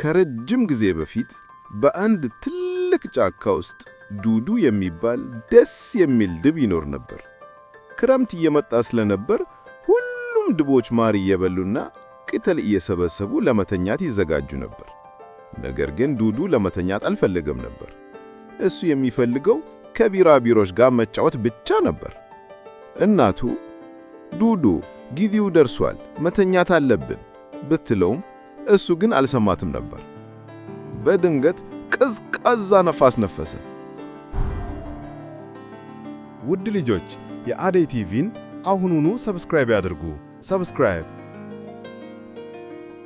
ከረጅም ጊዜ በፊት በአንድ ትልቅ ጫካ ውስጥ ዱዱ የሚባል ደስ የሚል ድብ ይኖር ነበር። ክረምት እየመጣ ስለነበር ሁሉም ድቦች ማር እየበሉና ቅጠል እየሰበሰቡ ለመተኛት ይዘጋጁ ነበር። ነገር ግን ዱዱ ለመተኛት አልፈለገም ነበር። እሱ የሚፈልገው ከቢራቢሮች ጋር መጫወት ብቻ ነበር። እናቱ ዱዱ ጊዜው ደርሷል፣ መተኛት አለብን ብትለውም እሱ ግን አልሰማትም ነበር። በድንገት ቀዝቃዛ ነፋስ ነፈሰ። ውድ ልጆች የአደይ ቲቪን አሁኑኑ ሰብስክራይብ ያድርጉ። ሰብስክራይብ።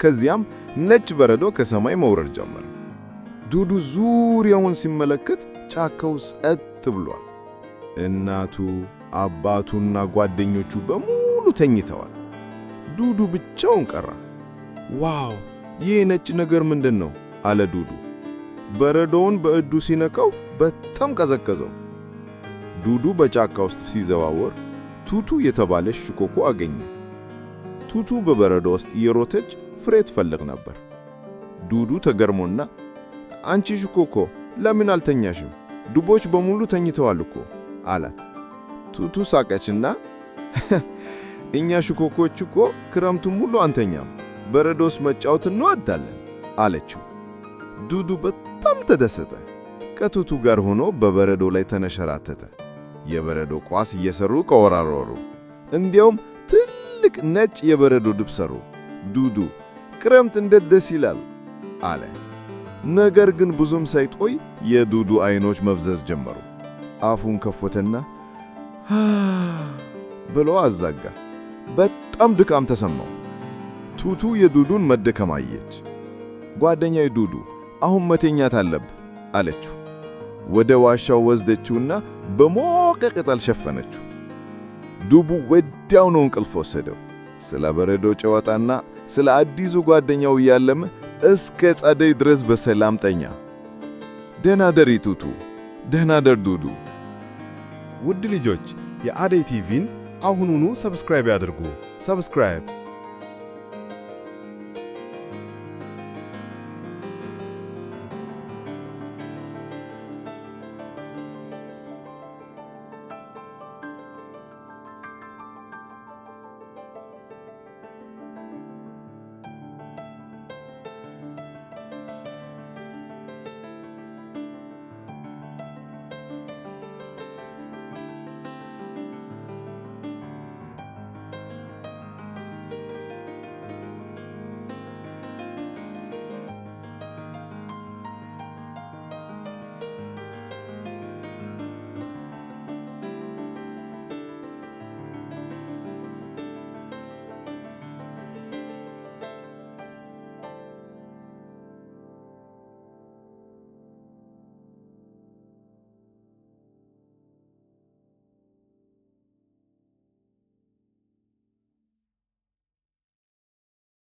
ከዚያም ነጭ በረዶ ከሰማይ መውረድ ጀመረ። ዱዱ ዙሪያውን ሲመለከት ጫካው ጸጥ ብሏል። እናቱ አባቱና ጓደኞቹ በሙሉ ተኝተዋል። ዱዱ ብቻውን ቀራ። ዋው ይህ ነጭ ነገር ምንድን ነው? አለ ዱዱ። በረዶውን በእጁ ሲነካው በጣም ቀዘቀዘው። ዱዱ በጫካ ውስጥ ሲዘዋወር ቱቱ የተባለች ሽኮኮ አገኘ። ቱቱ በበረዶ ውስጥ እየሮተች ፍሬ ትፈልግ ነበር። ዱዱ ተገርሞና አንቺ ሽኮኮ ለምን አልተኛሽም? ዱቦች በሙሉ ተኝተዋል እኮ አላት። ቱቱ ሳቀችና እኛ ሽኮኮች እኮ ክረምቱን ሙሉ አንተኛም በረዶስ መጫወት እንወዳለን አለችው። ዱዱ በጣም ተደሰተ። ከቱቱ ጋር ሆኖ በበረዶ ላይ ተነሸራተተ። የበረዶ ኳስ እየሰሩ ቆወራሮሩ። እንዲያውም ትልቅ ነጭ የበረዶ ድብ ሰሩ። ዱዱ ክረምት እንዴት ደስ ይላል አለ። ነገር ግን ብዙም ሳይቆይ የዱዱ አይኖች መፍዘዝ ጀመሩ። አፉን ከፈተና ብሎ አዛጋ። በጣም ድካም ተሰማው። ቱቱ የዱዱን መደከም አየች። ጓደኛዬ ዱዱ አሁን መተኛት አለብ አለችው። ወደ ዋሻው ወስደችውና በሞቀ ቅጠል ሸፈነችው። ዱቡ ወዲያው ነው እንቅልፍ ወሰደው። ስለ በረዶ ጨዋታና ስለ አዲሱ ጓደኛው እያለም እስከ ጸደይ ድረስ በሰላም ተኛ። ደህና ደሪ ቱቱ፣ ደህና ደር ዱዱ። ውድ ልጆች የአደይ ቲቪን አሁኑኑ ሰብስክራይብ ያድርጉ። ሰብስክራይብ